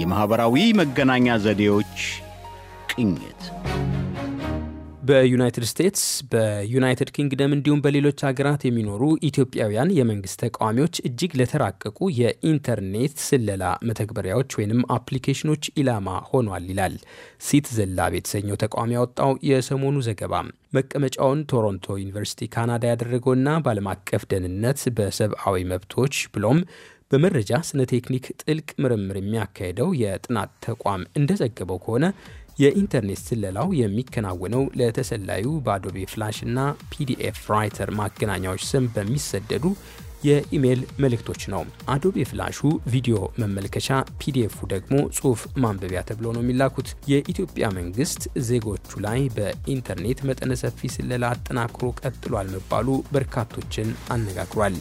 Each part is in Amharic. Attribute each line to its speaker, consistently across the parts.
Speaker 1: የማኅበራዊ መገናኛ ዘዴዎች ቅኝት በዩናይትድ ስቴትስ በዩናይትድ ኪንግደም እንዲሁም በሌሎች ሀገራት የሚኖሩ ኢትዮጵያውያን የመንግስት ተቃዋሚዎች እጅግ ለተራቀቁ የኢንተርኔት ስለላ መተግበሪያዎች ወይም አፕሊኬሽኖች ኢላማ ሆኗል ይላል ሲት ላብ የተሰኘው ተቃዋሚ ያወጣው የሰሞኑ ዘገባ። መቀመጫውን ቶሮንቶ ዩኒቨርሲቲ ካናዳ ያደረገውና በዓለም አቀፍ ደህንነት በሰብአዊ መብቶች ብሎም በመረጃ ስነ ቴክኒክ ጥልቅ ምርምር የሚያካሄደው የጥናት ተቋም እንደዘገበው ከሆነ የኢንተርኔት ስለላው የሚከናወነው ለተሰላዩ በአዶቤ ፍላሽ እና ፒዲኤፍ ራይተር ማገናኛዎች ስም በሚሰደዱ የኢሜይል መልእክቶች ነው። አዶቤ ፍላሹ ቪዲዮ መመልከቻ፣ ፒዲኤፉ ደግሞ ጽሁፍ ማንበቢያ ተብሎ ነው የሚላኩት። የኢትዮጵያ መንግስት ዜጎቹ ላይ በኢንተርኔት መጠነ ሰፊ ስለላ አጠናክሮ ቀጥሏል መባሉ በርካቶችን አነጋግሯል።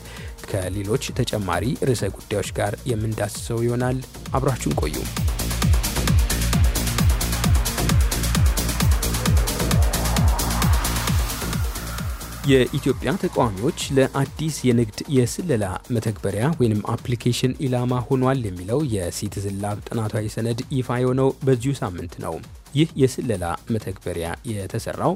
Speaker 1: ከሌሎች ተጨማሪ ርዕሰ ጉዳዮች ጋር የምንዳስሰው ይሆናል። አብራችሁን ቆዩ። የኢትዮጵያ ተቃዋሚዎች ለአዲስ የንግድ የስለላ መተግበሪያ ወይም አፕሊኬሽን ኢላማ ሆኗል የሚለው የሲቲዝን ላብ ጥናታዊ ሰነድ ይፋ የሆነው በዚሁ ሳምንት ነው። ይህ የስለላ መተግበሪያ የተሰራው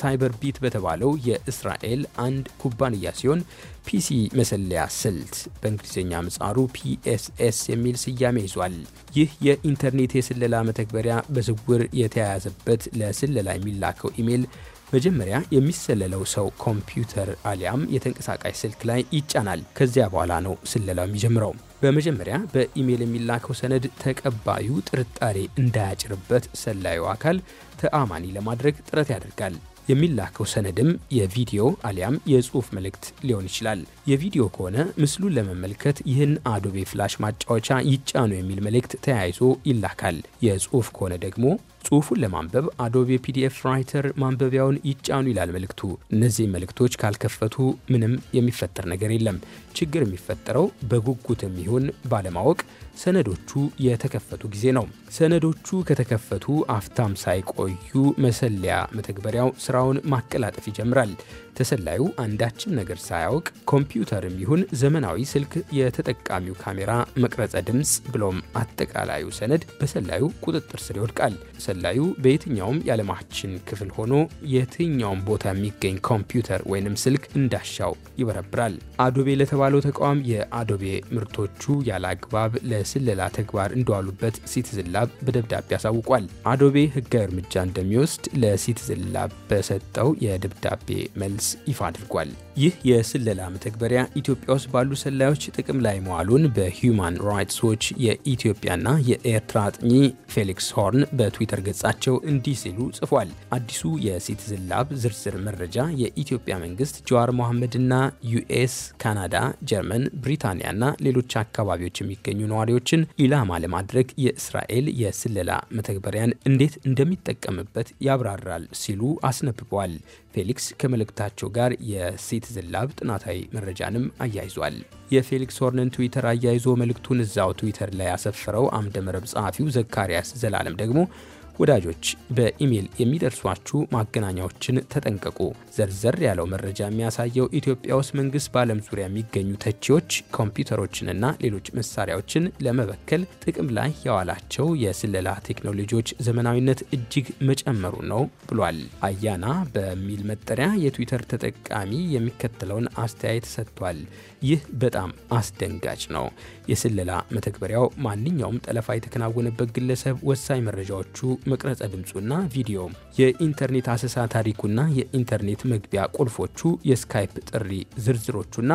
Speaker 1: ሳይበር ቢት በተባለው የእስራኤል አንድ ኩባንያ ሲሆን ፒሲ መሰለያ ስልት በእንግሊዝኛ ምጻሩ ፒኤስኤስ የሚል ስያሜ ይዟል። ይህ የኢንተርኔት የስለላ መተግበሪያ በስውር የተያያዘበት ለስለላ የሚላከው ኢሜል መጀመሪያ የሚሰለለው ሰው ኮምፒውተር አሊያም የተንቀሳቃሽ ስልክ ላይ ይጫናል። ከዚያ በኋላ ነው ስለላው የሚጀምረው። በመጀመሪያ በኢሜይል የሚላከው ሰነድ ተቀባዩ ጥርጣሬ እንዳያጭርበት ሰላዩ አካል ተአማኒ ለማድረግ ጥረት ያደርጋል። የሚላከው ሰነድም የቪዲዮ አሊያም የጽሑፍ መልእክት ሊሆን ይችላል። የቪዲዮ ከሆነ ምስሉን ለመመልከት ይህን አዶቤ ፍላሽ ማጫወቻ ይጫኑ የሚል መልእክት ተያይዞ ይላካል። የጽሑፍ ከሆነ ደግሞ ጽሁፉን ለማንበብ አዶቤ ፒዲኤፍ ራይተር ማንበቢያውን ይጫኑ ይላል መልእክቱ። እነዚህ መልእክቶች ካልከፈቱ ምንም የሚፈጠር ነገር የለም። ችግር የሚፈጠረው በጉጉት የሚሆን ባለማወቅ ሰነዶቹ የተከፈቱ ጊዜ ነው። ሰነዶቹ ከተከፈቱ አፍታም ሳይቆዩ መሰለያ መተግበሪያው ስራውን ማቀላጠፍ ይጀምራል። ተሰላዩ አንዳችም ነገር ሳያውቅ ኮምፒውተርም ይሁን ዘመናዊ ስልክ የተጠቃሚው ካሜራ፣ መቅረጸ ድምፅ ብሎም አጠቃላዩ ሰነድ በሰላዩ ቁጥጥር ስር ይወድቃል። ሰላዩ በየትኛውም የዓለማችን ክፍል ሆኖ የትኛውም ቦታ የሚገኝ ኮምፒውተር ወይንም ስልክ እንዳሻው ይበረብራል። አዶቤ ለተባለው ተቋም የአዶቤ ምርቶቹ ያለ አግባብ ለስለላ ተግባር እንደዋሉበት ሲቲዝን ላብ በደብዳቤ አሳውቋል። አዶቤ ሕጋዊ እርምጃ እንደሚወስድ ለሲቲዝን ላብ በሰጠው የደብዳቤ መልስ ሳይንስ ይፋ አድርጓል። ይህ የስለላ መተግበሪያ ኢትዮጵያ ውስጥ ባሉ ሰላዮች ጥቅም ላይ መዋሉን በሂዩማን ራይትስ ዎች የኢትዮጵያና የኤርትራ አጥኚ ፌሊክስ ሆርን በትዊተር ገጻቸው እንዲህ ሲሉ ጽፏል። አዲሱ የሲቲዝን ላብ ዝርዝር መረጃ የኢትዮጵያ መንግስት ጀዋር መሐመድና ዩኤስ፣ ካናዳ፣ ጀርመን፣ ብሪታንያና ሌሎች አካባቢዎች የሚገኙ ነዋሪዎችን ኢላማ ለማድረግ የእስራኤል የስለላ መተግበሪያን እንዴት እንደሚጠቀምበት ያብራራል ሲሉ አስነብበዋል። ፌሊክስ ከመልእክታቸው ጋር የሲቲዝን ላብ ጥናታዊ መረጃንም አያይዟል። የፌሊክስ ሆርንን ትዊተር አያይዞ መልእክቱን እዛው ትዊተር ላይ ያሰፈረው አምደመረብ ጸሐፊው ዘካርያስ ዘላለም ደግሞ ወዳጆች በኢሜይል የሚደርሷችሁ ማገናኛዎችን ተጠንቀቁ። ዘርዘር ያለው መረጃ የሚያሳየው ኢትዮጵያ ውስጥ መንግስት በዓለም ዙሪያ የሚገኙ ተቺዎች ኮምፒውተሮችንና ሌሎች መሳሪያዎችን ለመበከል ጥቅም ላይ ያዋላቸው የስለላ ቴክኖሎጂዎች ዘመናዊነት እጅግ መጨመሩ ነው ብሏል። አያና በሚል መጠሪያ የትዊተር ተጠቃሚ የሚከተለውን አስተያየት ሰጥቷል። ይህ በጣም አስደንጋጭ ነው። የስለላ መተግበሪያው ማንኛውም ጠለፋ የተከናወነበት ግለሰብ ወሳኝ መረጃዎቹ መቅረጸ ድምፁና ቪዲዮም፣ የኢንተርኔት አሰሳ ታሪኩና የኢንተርኔት መግቢያ ቁልፎቹ፣ የስካይፕ ጥሪ ዝርዝሮቹና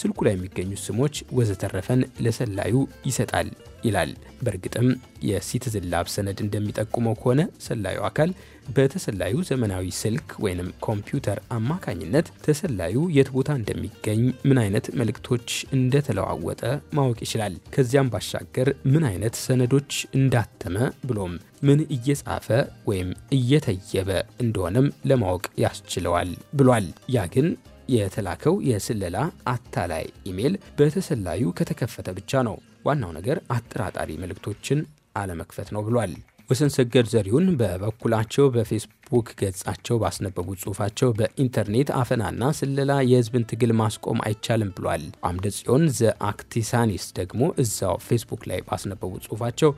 Speaker 1: ስልኩ ላይ የሚገኙት ስሞች ወዘተረፈን ለሰላዩ ይሰጣል ይላል። በእርግጥም የሲቲዝን ላብ ሰነድ እንደሚጠቁመው ከሆነ ሰላዩ አካል በተሰላዩ ዘመናዊ ስልክ ወይም ኮምፒውተር አማካኝነት ተሰላዩ የት ቦታ እንደሚገኝ፣ ምን አይነት መልእክቶች እንደተለዋወጠ ማወቅ ይችላል። ከዚያም ባሻገር ምን አይነት ሰነዶች እንዳተመ ብሎም ምን እየጻፈ ወይም እየተየበ እንደሆነም ለማወቅ ያስችለዋል ብሏል። ያ ግን የተላከው የስለላ አታላይ ኢሜል በተሰላዩ ከተከፈተ ብቻ ነው። ዋናው ነገር አጠራጣሪ መልእክቶችን አለመክፈት ነው ብሏል። ወሰንሰገድ ዘሪሁን በበኩላቸው በፌስቡክ ገጻቸው ባስነበቡ ጽሁፋቸው በኢንተርኔት አፈናና ስለላ የህዝብን ትግል ማስቆም አይቻልም ብሏል። አምደ ጽዮን ዘአክቲሳኒስ ደግሞ እዛው ፌስቡክ ላይ ባስነበቡ ጽሁፋቸው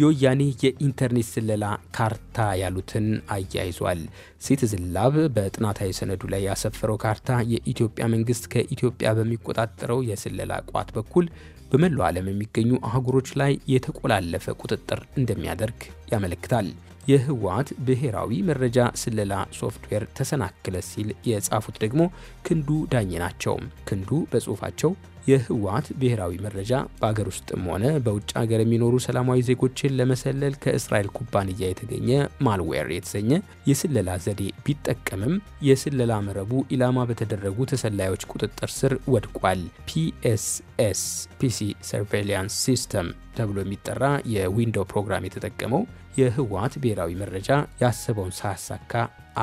Speaker 1: የወያኔ የኢንተርኔት ስለላ ካርታ ያሉትን አያይዟል። ሲቲዝን ላብ በጥናታዊ ሰነዱ ላይ ያሰፈረው ካርታ የኢትዮጵያ መንግስት ከኢትዮጵያ በሚቆጣጠረው የስለላ ቋት በኩል በመላው ዓለም የሚገኙ አህጉሮች ላይ የተቆላለፈ ቁጥጥር እንደሚያደርግ ያመለክታል። የህወሓት ብሔራዊ መረጃ ስለላ ሶፍትዌር ተሰናክለ ሲል የጻፉት ደግሞ ክንዱ ዳኝ ናቸው። ክንዱ በጽሁፋቸው የህወሓት ብሔራዊ መረጃ በአገር ውስጥም ሆነ በውጭ ሀገር የሚኖሩ ሰላማዊ ዜጎችን ለመሰለል ከእስራኤል ኩባንያ የተገኘ ማልዌር የተሰኘ የስለላ ዘዴ ቢጠቀምም የስለላ መረቡ ኢላማ በተደረጉ ተሰላዮች ቁጥጥር ስር ወድቋል። ፒኤስኤስ ፒሲ ሰርቬሊያንስ ሲስተም ተብሎ የሚጠራ የዊንዶው ፕሮግራም የተጠቀመው የህወሓት ብሔራዊ መረጃ ያሰበውን ሳያሳካ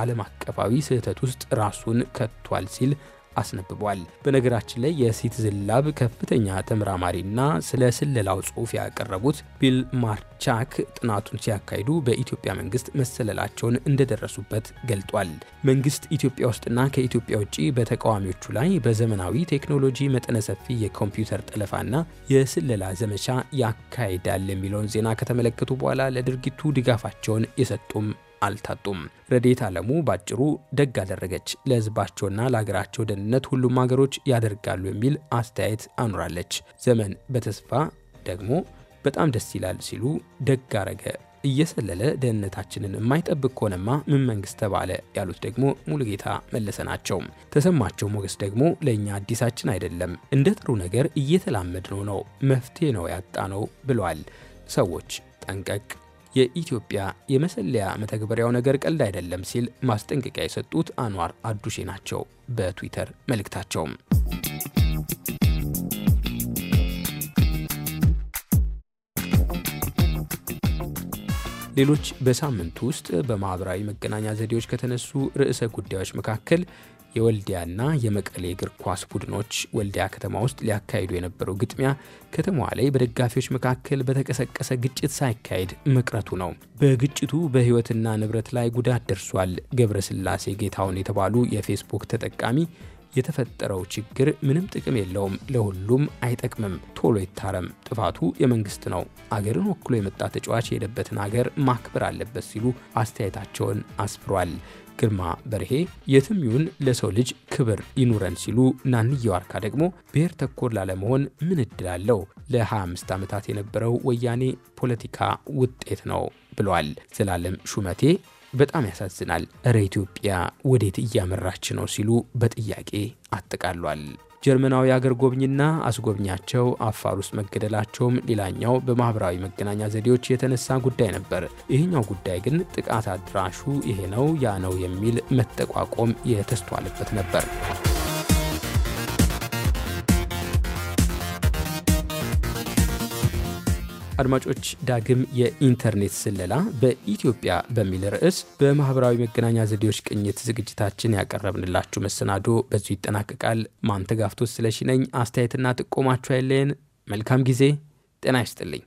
Speaker 1: ዓለም አቀፋዊ ስህተት ውስጥ ራሱን ከቷል ሲል አስነብቧል። በነገራችን ላይ የሲቲዝን ላብ ከፍተኛ ተመራማሪና ስለ ስለላው ጽሑፍ ያቀረቡት ቢል ማርቻክ ጥናቱን ሲያካሂዱ በኢትዮጵያ መንግስት መሰለላቸውን እንደደረሱበት ገልጧል። መንግስት ኢትዮጵያ ውስጥና ከኢትዮጵያ ውጭ በተቃዋሚዎቹ ላይ በዘመናዊ ቴክኖሎጂ መጠነ ሰፊ የኮምፒውተር ጠለፋና የስለላ ዘመቻ ያካሂዳል የሚለውን ዜና ከተመለከቱ በኋላ ለድርጊቱ ድጋፋቸውን የሰጡም አልታጡም። ረዴት አለሙ ባጭሩ ደግ አደረገች፣ ለህዝባቸውና ለሀገራቸው ደህንነት ሁሉም ሀገሮች ያደርጋሉ የሚል አስተያየት አኑራለች። ዘመን በተስፋ ደግሞ በጣም ደስ ይላል ሲሉ ደግ አረገ እየሰለለ ደህንነታችንን የማይጠብቅ ከሆነማ ምን መንግስት ተባለ? ያሉት ደግሞ ሙሉጌታ መለሰ ናቸው። ተሰማቸው ሞገስ ደግሞ ለእኛ አዲሳችን አይደለም፣ እንደ ጥሩ ነገር እየተላመድነው ነው፣ መፍትሄ ነው ያጣ ነው ብለዋል። ሰዎች ጠንቀቅ የኢትዮጵያ የመሰለያ መተግበሪያው ነገር ቀልድ አይደለም ሲል ማስጠንቀቂያ የሰጡት አንዋር አዱሼ ናቸው። በትዊተር መልእክታቸውም ሌሎች በሳምንቱ ውስጥ በማኅበራዊ መገናኛ ዘዴዎች ከተነሱ ርዕሰ ጉዳዮች መካከል የወልዲያና የመቀሌ እግር ኳስ ቡድኖች ወልዲያ ከተማ ውስጥ ሊያካሂዱ የነበረው ግጥሚያ ከተማዋ ላይ በደጋፊዎች መካከል በተቀሰቀሰ ግጭት ሳይካሄድ መቅረቱ ነው። በግጭቱ በሕይወትና ንብረት ላይ ጉዳት ደርሷል። ገብረስላሴ ጌታውን የተባሉ የፌስቡክ ተጠቃሚ የተፈጠረው ችግር ምንም ጥቅም የለውም፣ ለሁሉም አይጠቅምም፣ ቶሎ ይታረም፣ ጥፋቱ የመንግስት ነው፣ አገርን ወክሎ የመጣ ተጫዋች የሄደበትን አገር ማክበር አለበት ሲሉ አስተያየታቸውን አስፍሯል። ግርማ በርሄ የትም ይሁን ለሰው ልጅ ክብር ይኑረን ሲሉ፣ ናንየው አርካ ደግሞ ብሔር ተኮር ላለመሆን ምን እድል አለው? ለ25 ዓመታት የነበረው ወያኔ ፖለቲካ ውጤት ነው ብሏል። ዘላለም ሹመቴ በጣም ያሳዝናል፣ እረ ኢትዮጵያ ወዴት እያመራች ነው ሲሉ በጥያቄ አጠቃሏል። ጀርመናዊ አገር ጎብኝና አስጎብኛቸው አፋር ውስጥ መገደላቸውም ሌላኛው በማህበራዊ መገናኛ ዘዴዎች የተነሳ ጉዳይ ነበር። ይህኛው ጉዳይ ግን ጥቃት አድራሹ ይሄ ነው ያ ነው የሚል መጠቋቆም የተስተዋለበት ነበር። አድማጮች ዳግም የኢንተርኔት ስለላ በኢትዮጵያ በሚል ርዕስ በማህበራዊ መገናኛ ዘዴዎች ቅኝት ዝግጅታችን ያቀረብንላችሁ መሰናዶ በዙ ይጠናቀቃል። ማንተጋፍቶ ስለሽነኝ አስተያየትና ጥቆማችሁ አይለየን። መልካም ጊዜ። ጤና ይስጥልኝ።